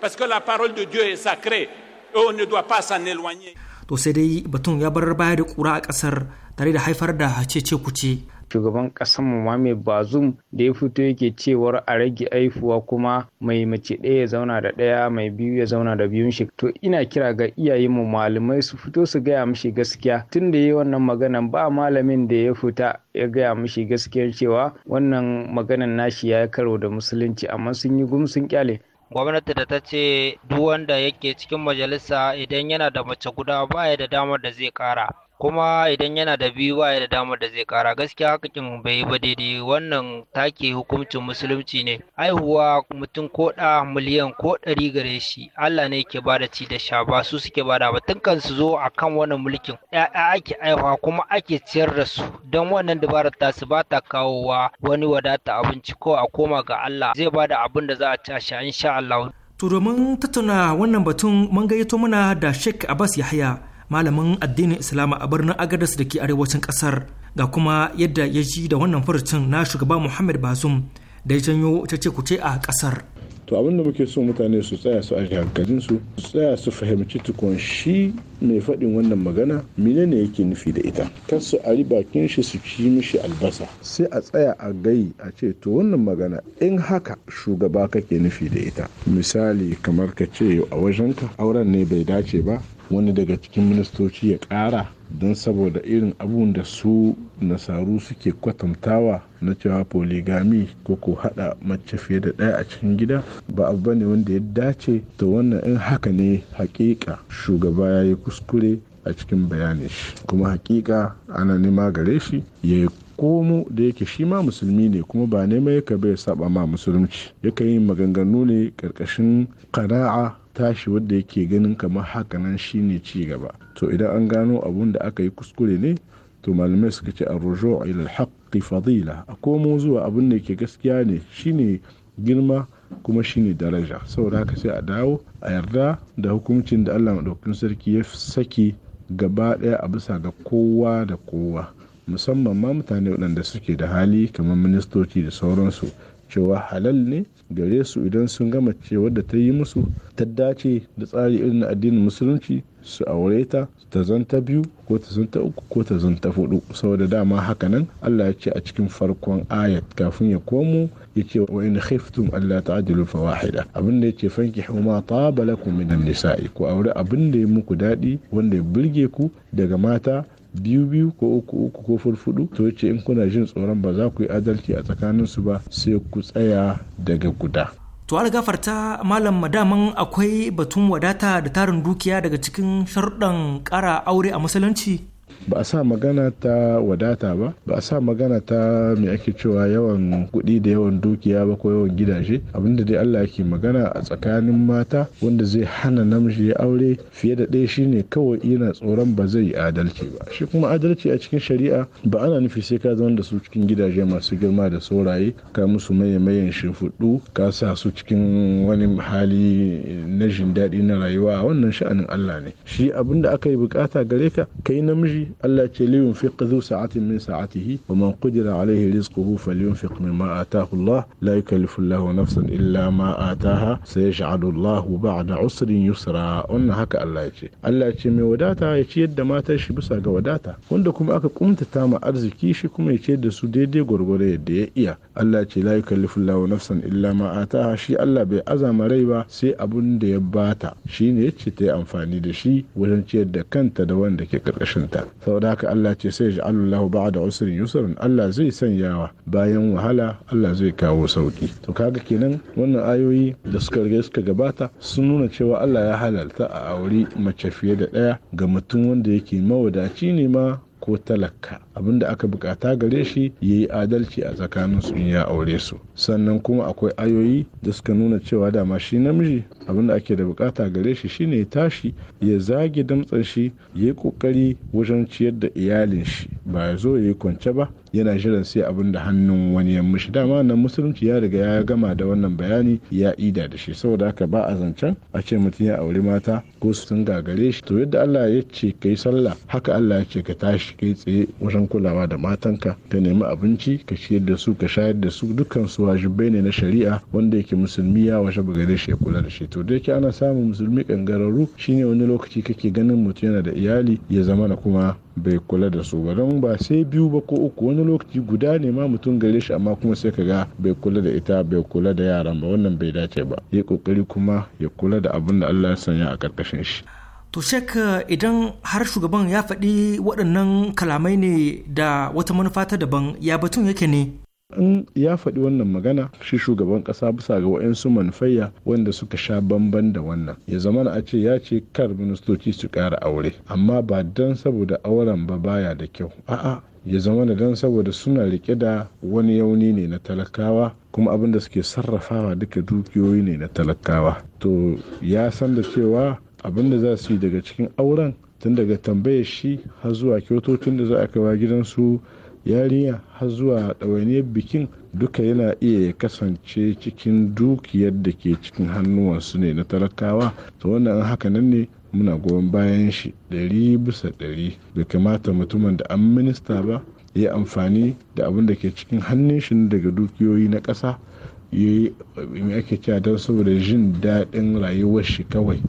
parce que la parole de Dieu est sacrée et on ne doit pas s'en éloigner to sai dai batun ya bar baya da kura a kasar tare da haifar da cece kuce shugaban kasan mu mai bazum da ya fito yake cewar a rage aifuwa kuma mai mace ɗaya ya zauna da ɗaya mai biyu ya zauna da biyun shi to ina kira ga iyayenmu mu malamai su fito su gaya mishi gaskiya tun da yayi wannan maganan ba malamin da ya fita ya gaya mishi gaskiyar cewa wannan maganan nashi ya karo da musulunci amma sun yi gumsun kyale gwamnati da ta ce duk wanda yake cikin majalisa idan yana da mace guda baya da damar da zai kara kuma idan yana da biyu ba da damar da zai kara gaskiya kin bai ba daidai wannan take hukuncin musulunci ne haihuwa mutum ko da miliyan ko ɗari gare shi Allah ne yake bada ci da sha ba su suke bada ba tun kan su zo akan wannan mulkin ya'ya ake haihuwa kuma ake ciyar da su don wannan dabarar ta su bata kawowa wani wadata abinci ko a koma ga Allah zai bada abin da za a ci a sha insha Allah to domin tattauna wannan batun mun gayyato mana da Sheikh Abbas Yahya malamin addinin islama a birnin agadas da ke arewacin kasar ga kuma yadda ya ji da wannan furucin na shugaba muhammad bazum da ya janyo ce kuce a kasar to abinda muke so mutane su tsaya su a hankalinsu su tsaya su fahimci tukun shi mai faɗin wannan magana menene yake nufi da ita kar su ari bakin shi su ci mishi albasa sai a tsaya a gai a ce to wannan magana in haka shugaba kake nufi da ita misali kamar ka ce a wajenka auren ne bai dace ba wani daga cikin ministoci ya ƙara don saboda irin abun da su nasaru suke kwatantawa na cewa polygamy ko ko hada mace fiye da ɗaya a cikin gida ba abu bane wanda ya dace to wannan in haka ne hakika shugaba ya yi kuskure a cikin bayanin shi kuma hakika ana nema gare shi ya yi komo da yake shi ma musulmi ne kuma ba nema yaka bai saba ma musulunci yaka yin maganganu ne karkashin kana'a tashi wadda yake ganin kamar haka nan shine ci gaba to idan an gano abun da aka yi kuskure ne to malamai suka ce a rujo ilal haqqi fadila a komo zuwa abun da yake gaskiya ne shine girma kuma shine daraja saboda haka sai a dawo a yarda da hukuncin da Allah maɗaukakin sarki ya saki gaba ɗaya a bisa ga kowa da kowa musamman ma mutane waɗanda suke da hali kamar ministoci da sauransu cewa halal ne gare su idan sun gama cewar da ta yi musu ta dace da tsari irin na addinin musulunci su aure ta ta zanta biyu ko ta zanta uku ko ta zanta hudu saboda dama haka nan Allah ya ce a cikin farkon ayat kafin ya komo ya ce wa in khiftum Allah ta'dilu fa wahida abin da yake fanki ma taba lakum minan nisa'i ku aure abin da ya muku dadi wanda ya burge ku daga mata biyu biyu ko uku uku ko furfudu to yace in kuna jin tsoron ba za ku yi adalci a tsakanin su ba sai ku tsaya daga guda to al gafarta malam madaman akwai batun wadata da tarin dukiya daga cikin sharɗan ƙara aure a musulunci ba a sa magana ta wadata ba ba a sa magana ta mai ake cewa yawan kuɗi da yawan dukiya ba ko yawan gidaje abinda dai Allah yake magana a tsakanin mata wanda zai hana namiji ya aure fiye da ɗaya shine kawai yana tsoron ba zai adalci ba shi kuma adalci a cikin shari'a ba ana nufi sai ka zama da su cikin gidaje masu girma da sauraye ka musu maye mayen shimfiɗu ka sa su cikin wani hali na jin daɗi na rayuwa wannan sha'anin Allah ne shi abin da aka yi bukata gare ka kai namiji Allah ce li yunfiq dhu sa'atin min sa'atihi wa man qudira alayhi rizquhu falyunfiq mimma ataahu Allah la yukallifu Allahu nafsan illa ma ataaha sayaj'alu Allahu ba'da usrin yusra wannan haka Allah yace Allah ce mai wadata ya ciyar da matar shi bisa ga wadata wanda kuma aka kumtata ma arziki shi kuma ya ciyar da su daidai gurgure yadda ya iya Allah ce la yukallifu Allahu nafsan illa ma ataaha shi Allah bai azama rai ba sai abun da ya bata shine yace ta yi amfani da shi wajen ciyar da kanta da wanda ke karkashin ta saboda haka Allah ce sai ba da usrin yusurin Allah zai sanyawa bayan wahala Allah zai kawo sauki to kaga kenan wannan ayoyi da suka rage suka gabata sun nuna cewa Allah ya halalta a auri mace fiye da ɗaya ga mutum wanda yake mawadaci ne ma ko talaka abinda aka bukata gare shi ya yi adalci a tsakanin su ya aure su sannan kuma akwai ayoyi da suka nuna cewa dama shi namiji abinda ake da bukata gare shi shine ya tashi ya zage damtsan shi ya yi kokari wajen ciyar da iyalin shi ba ya zo ya yi kwance ba yana shirin sai abin da hannun wani ya mushi dama nan musulunci ya riga ya gama da wannan bayani ya ida da shi saboda haka ba a zancen a ce mutum ya auri mata ko su sun gagare shi to yadda Allah ya ce kai sallah haka Allah ya ce ka tashi kai tsaye wajen kulawa da matanka ka nemi abinci ka ciyar da su ka shayar da su dukkan su wajibai ne na shari'a wanda yake musulmi ya washe bagare shi ya kula da shi to da yake ana samun musulmi kangararru shine wani lokaci kake ganin mutum yana da iyali ya zama na kuma bai kula da su ba don ba sai biyu ba ko uku wani lokaci guda ne ma mutum gare shi amma kuma sai ka ga bai kula da ita bai kula da yaran ba wannan bai dace ba ya kokari kuma ya kula da abin da Allah ya sanya a karkashin shi to shek idan har shugaban ya faɗi waɗannan kalamai ne da wata manufa ta daban ya batun yake ne in ya faɗi wannan magana shi shugaban ƙasa bisa ga waɗansu manufayya wanda suka sha bamban da wannan ya zama a ce ya ce kar ministoci su ƙara aure amma ba don saboda auren ba baya da kyau a'a ya zama da don saboda suna rike da wani yauni ne na talakawa kuma abin da suke sarrafawa duka dukiyoyi ne na talakawa to ya san da cewa abin da za su yi daga cikin auren tun daga tambayar shi har zuwa kyautocin da za a kaiwa gidansu yarinya har zuwa ɗawainiyar bikin duka yana iya ya kasance cikin dukiyar da ke cikin hannuwansu ne na talakawa to wannan haka nan ne muna goyon bayan shi ɗari bisa ɗari bai kamata mutumin da an minista ba ya amfani da abin da ke cikin hannun shi daga dukiyoyi na ƙasa ya yi ake cewa don saboda jin daɗin rayuwar shi kawai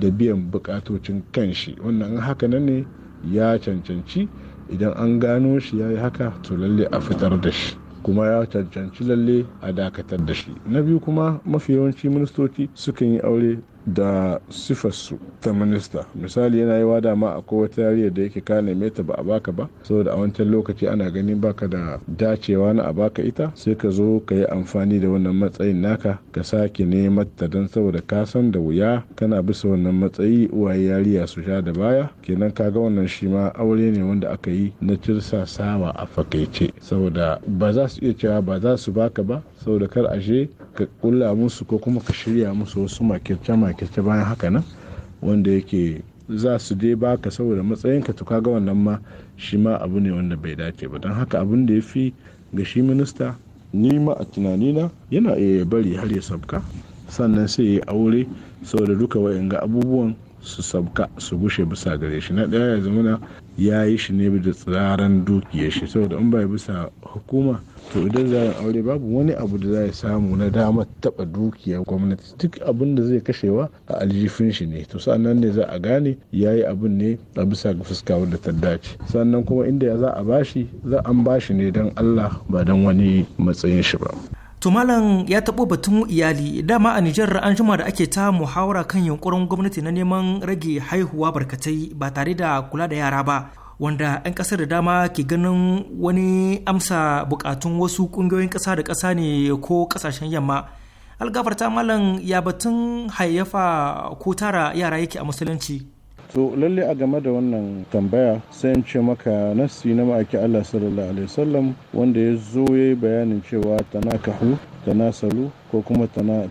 da biyan bukatocin kanshi wannan haka nan ne ya cancanci idan an gano shi ya yi haka to lalle a fitar da shi kuma ya cancanci lalle a dakatar da shi na biyu kuma mafi yawanci ministoci sukan yi aure da sifarsu ta minista misali yana yi wa dama a kowa yariyar da yake ka neme ta ba a baka ba saboda a wancan lokaci ana ganin baka da dacewa na a baka ita sai ka zo ka yi amfani da wannan matsayin naka ka sake neman ta don saboda ka san da wuya kana bisa wannan matsayi uwaye yariya su sha da baya kenan ka ga wannan shi ma aure ne wanda aka yi na cirsa sawa a fakaice saboda ba za su iya cewa ba za su baka ba saboda kar ashe ka kulla musu ko kuma ka shirya musu wasu makirce-makirce bayan haka nan wanda yake za su dai baka saboda matsayinka to kaga wannan ma shi ma abu ne wanda bai dace ba don haka abin da ya fi ga shi minista ni ma a tunanina yana iya bari har ya sabka sannan sai ya yi aure saboda duka wa'in ga abubuwan su sabka su bushe bisa gare shi na daya ya zama ya yi shi ne da tsiraran dukiyar shi saboda in bai bisa hukuma to idan za aure babu wani abu da za a samu na damar taba dukiyar gwamnati duk abin da zai kashewa a aljifin shi ne to sannan ne za a gane ya yi abin ne a bisa ga fuska wadda ta dace sannan kuma inda za a bashi za an bashi ne don allah ba don wani matsayin shi ba To malam ya taɓo batun iyali dama a Nijar an jima da ake ta muhawara kan yunkurin gwamnati na neman rage haihuwa barkatai ba tare da kula da yara ba wanda 'yan ƙasar da dama ke ganin wani amsa bukatun wasu ƙungiyoyin ƙasa da ƙasa ne ko ƙasashen yamma. Algafarta malam ya batun hayyafa ko tara yara yake a musulunci. to lalle a game da wannan tambaya sai in ce maka nasi na ma'aiki Allah sallallahu alaihi wasallam wanda ya zo ya yi bayanin cewa kahu tana salu ko kuma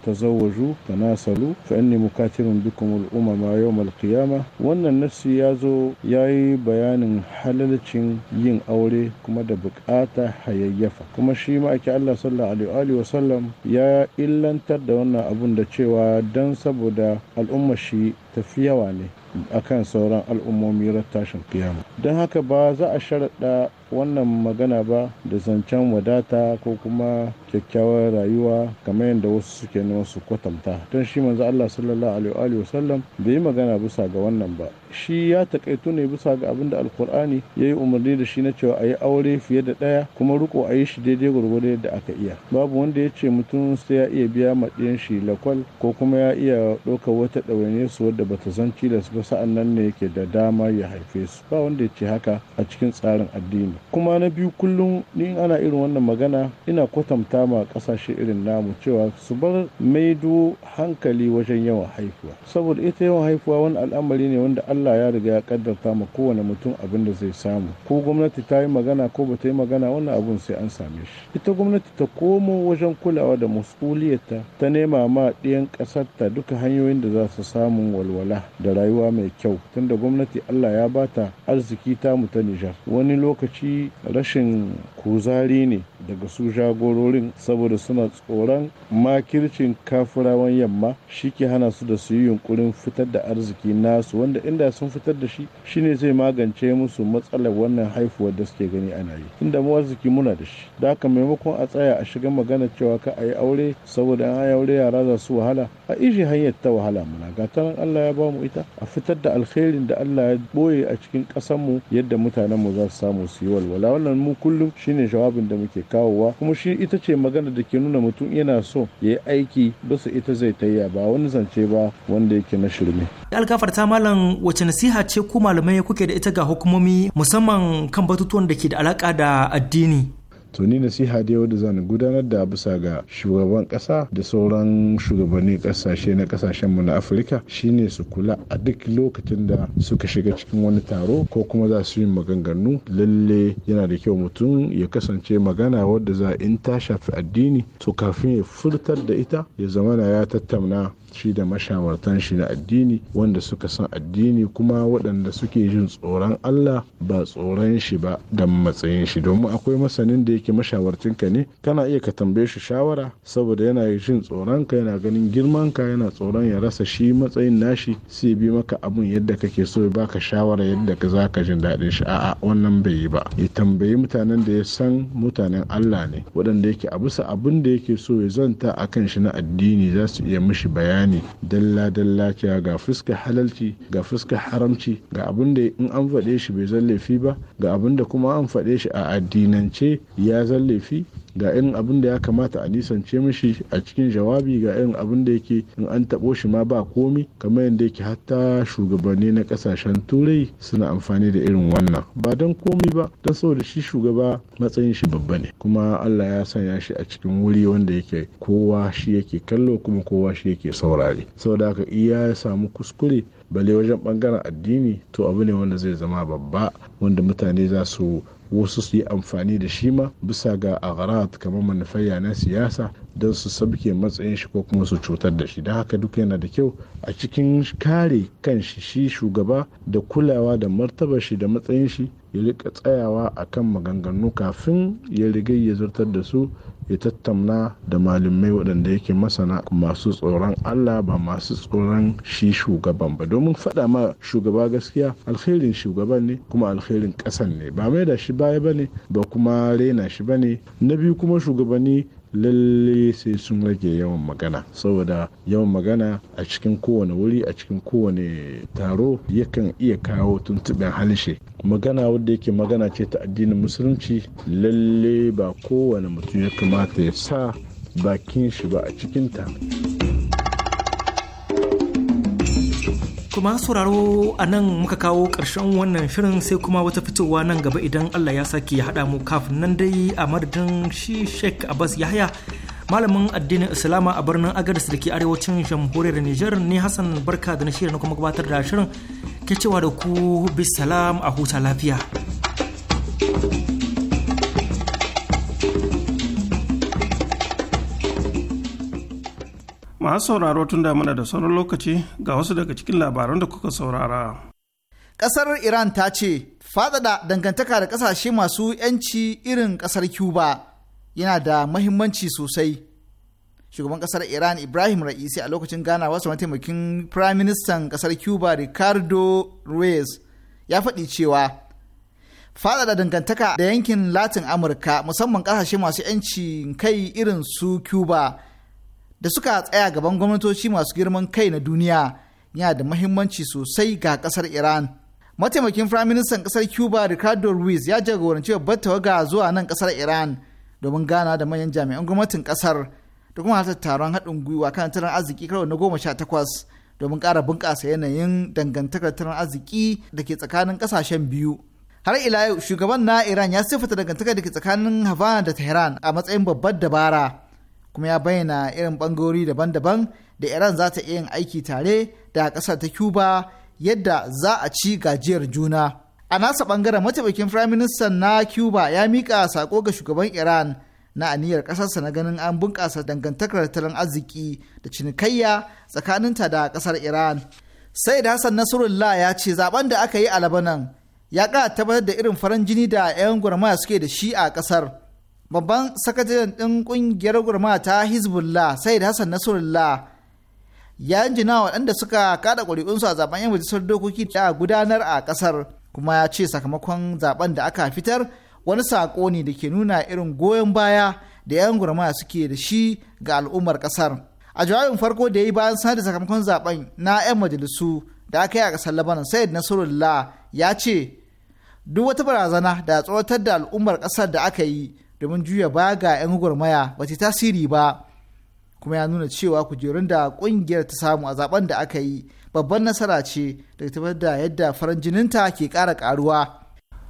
tazawwaju salu fa inni mukatirun bikum al-umama yawm al-qiyamah wannan nasi ya zo ya yi bayanin halalcin yin aure kuma da bukata hayayyafa kuma shi ma'aiki Allah sallallahu alaihi wasallam ya illantar da wannan abun da cewa dan saboda al'umma shi tafi yawa ne akan sauran al'ummomi ran tashin kiyama don haka ba za a sharaɗa wannan magana ba da zancen wadata ko kuma kyakkyawar rayuwa kamar yadda wasu suke neman su kwatanta don shi manzo Allah sallallahu alaihi wasallam bai yi magana bisa ga wannan ba shi ya takaitu ne bisa ga abin da alkur'ani ya yi umarni da shi na cewa a yi aure fiye da daya kuma riko a yi shi daidai gwargwado yadda aka iya babu wanda ya ce mutum sai ya iya biya maɗiyan shi lakwal ko kuma ya iya ɗaukar wata ɗawainiya su wadda bata san su ba sa'an nan ne yake da dama ya haife su ba wanda ya ce haka a cikin tsarin addini kuma na biyu kullum ni ana irin wannan magana ina kwatanta ma kasashe irin namu cewa su bar maido hankali wajen yawan haihuwa saboda ita yawan haihuwa wani al'amari ne wanda Allah ya riga ya kaddarta ma kowane mutum abin da zai samu ko gwamnati ta yi magana ko ba ta yi magana wannan abun sai an same shi ita gwamnati ta komo wajen kulawa da mas'uliyarta ta nema ma ɗiyan ta duka hanyoyin da za su samu walwala da rayuwa mai kyau tunda gwamnati Allah ya bata arziki ta mu ta Nijar wani lokaci ciki rashin kuzari ne daga su jagororin saboda suna tsoron makircin kafirawan yamma shi ke hana su da su yi yunkurin fitar da arziki nasu wanda inda sun fitar da shi shine zai magance musu matsalar wannan haifuwar da suke gani ana yi inda mu arziki muna da shi da haka maimakon a tsaya a shiga magana cewa ka a yi aure saboda an yi aure yara za su wahala a ishi hanyar ta wahala muna gatanan Allah ya bamu ita a fitar da alkhairin da Allah ya boye a cikin ƙasarmu yadda mutanenmu za su samu su yi walwala wannan mu kullum shine jawabin da muke kawowa kuma shi ita ce magana da ke nuna mutum yana so ya yi aiki dosa ita zai tayya ba wani zance ba wanda yake na shirme alkafar ta malam wace nasiha ce ku malamai kuke da ita ga hukumomi musamman kan batutuwan da ke da alaka da addini to ni nasiha da da zan gudanar da bisa ga shugaban kasa da sauran shugabannin kasashe na kasashen mu na afirka shine su kula a duk lokacin da suka shiga cikin wani taro ko kuma za su yi maganganu lalle yana da kyau mutum ya kasance magana wadda za in ta shafi addini to kafin ya furtar da ita ya zamana ya tattauna shi da mashawartan shi na addini wanda suka san addini kuma waɗanda suke jin tsoron Allah ba tsoron shi ba da matsayin shi domin akwai masanin da yake ka ne kana iya ka tambaye shi shawara saboda yana jin tsoron ka yana ganin girman ka yana tsoron ya rasa shi matsayin nashi sai bi maka abun yadda kake so ya baka shawara yadda ka zaka jin daɗin shi a'a wannan bai yi ba ya tambayi mutanen da ya san mutanen Allah ne waɗanda yake a bisa abin da yake so ya zanta akan shi na addini za su iya mishi bayani bayani dalla-dalla cewa ga fuska halalci ga fuska haramci ga abin da in an faɗe shi bai zan laifi ba ga abin da kuma an faɗe shi a addinance ya zan laifi ga irin abin da ya kamata a nisance mashi a cikin jawabi ga irin abin da yake in an taɓo shi ma ba komi kamar yadda yake hatta shugabanni na kasashen turai suna amfani da irin wannan ba don komi ba don saboda shi shugaba matsayin shi babba ne kuma allah ya sanya shi a cikin wuri wanda yake kowa shi yake kallo kuma kowa shi yake saurare saboda haka iya ya samu kuskure bale wajen bangaren addini to abu ne wanda zai zama babba wanda mutane za su wasu su yi amfani da shi ma bisa ga agharat kamar manufayya na siyasa don su sabke matsayin shi ko kuma su cutar da shi da haka duk yana da kyau a cikin kare kan shi shi shugaba da kulawa da martaba shi da matsayin shi ya rika tsayawa kan maganganu kafin ya riga ya zartar da su ya tattauna da malamai waɗanda yake masana masu tsoron Allah ba masu tsoron shi shugaban ba domin faɗa ma shugaba gaskiya alkhairin shugaban ne kuma alherin ƙasan ne ba mai da shi baya ba ne ba kuma rena shi ba ne na biyu kuma shugabanni lalle sai sun rage yawan magana saboda yawan magana a cikin kowane wuri a cikin kowane taro yakan iya kawo tuntuɓen halshe magana wadda yake magana ce ta addinin musulunci lalle ba kowane mutum ya kamata ya sa bakin shi ba a cikinta. kuma sauraro a nan muka kawo ƙarshen wannan shirin sai kuma wata fitowa nan gaba idan Allah ya sake ya haɗa mu kafin nan dai a madadin shi Sheikh Abbas Yahya malamin addinin Islama a birnin Agadis da ke arewacin jamhuriyar niger ne Hassan Barka da na shirya na kuma gabatar da shirin ke cewa da ku bisalam a huta lafiya. masu sauraro tun da muna da sauran lokaci ga wasu daga cikin labaran da kuka saurara. Ƙasar Iran ta ce fadada dangantaka da ƙasashe masu 'yanci irin kasar Cuba yana da mahimmanci sosai. Shugaban ƙasar Iran Ibrahim Ra'isi a lokacin gana wasu mataimakin Firaministan ƙasar Cuba Ricardo Ruiz ya faɗi cewa fadada dangantaka da yankin Latin Amurka musamman ƙasashe masu 'yancin kai irin su Cuba. da suka tsaya gaban gwamnatoci masu girman kai na duniya yana da mahimmanci sosai ga kasar Iran. Mataimakin Firaministan kasar Cuba Ricardo Ruiz ya jagoranci babbar tawaga zuwa nan kasar Iran domin gana da manyan jami'an gwamnatin kasar da kuma halartar taron haɗin gwiwa kan tattalin arziki karo na goma sha takwas domin ƙara bunƙasa yanayin dangantakar tattalin arziki da ke tsakanin ƙasashen biyu. Har ila yau shugaban na Iran ya siffata dangantakar da ke tsakanin Havana da Tehran a matsayin babbar dabara. kuma ya bayyana irin bangarori daban-daban da iran za ta yin aiki tare da ƙasar ta cuba yadda za a ci gajiyar juna a nasa bangaren mataimakin firaministan na cuba ya miƙa sako ga shugaban iran na aniyar ƙasarsa na ganin an bunkasa dangantakar tattalin arziki da cinikayya tsakaninta da ƙasar iran sai da hassan nasrullah ya ce zaben da aka yi a labanan ya ƙara tabbatar da irin farin jini da 'yan gwarmaya suke da shi a ƙasar babban sakataren ɗin ƙungiyar gurma ta hezbollah said hassan nasrullah ya jina waɗanda suka kada ƙuri'unsu a zaben yan majalisar dokoki da gudanar a ƙasar kuma ya ce sakamakon zaben da aka fitar wani saƙo ne da ke nuna irin goyon baya da 'yan gurma suke da shi ga al'ummar ƙasar a jawabin farko da ya yi bayan sanar da sakamakon zaben na 'yan majalisu da aka yi a ƙasar labanan said nasrullah ya ce duk wata barazana da tsoratar da al'ummar ƙasar da aka yi domin juya baya ga 'yan gwagwarmaya ba ta tasiri ba kuma ya nuna cewa kujerun da kungiyar ta samu a zaben da aka yi babban nasara ce da tabbatar da yadda farin jininta ke kara karuwa.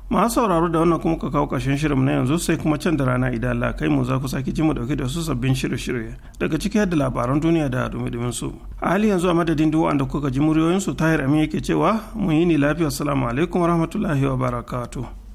masu sauraro da wannan kuma ka kawo ƙarshen shirin na yanzu sai kuma can da rana idan Allah kai mu za ku sake ji mu dauke da su sabbin shirye-shirye daga ciki yadda labaran duniya da dumi-dumin su a hali yanzu a madadin duwa wanda kuka ji muryoyin su tahir amin yake cewa mun yi ni lafiya assalamu alaikum warahmatullahi wabarakatuh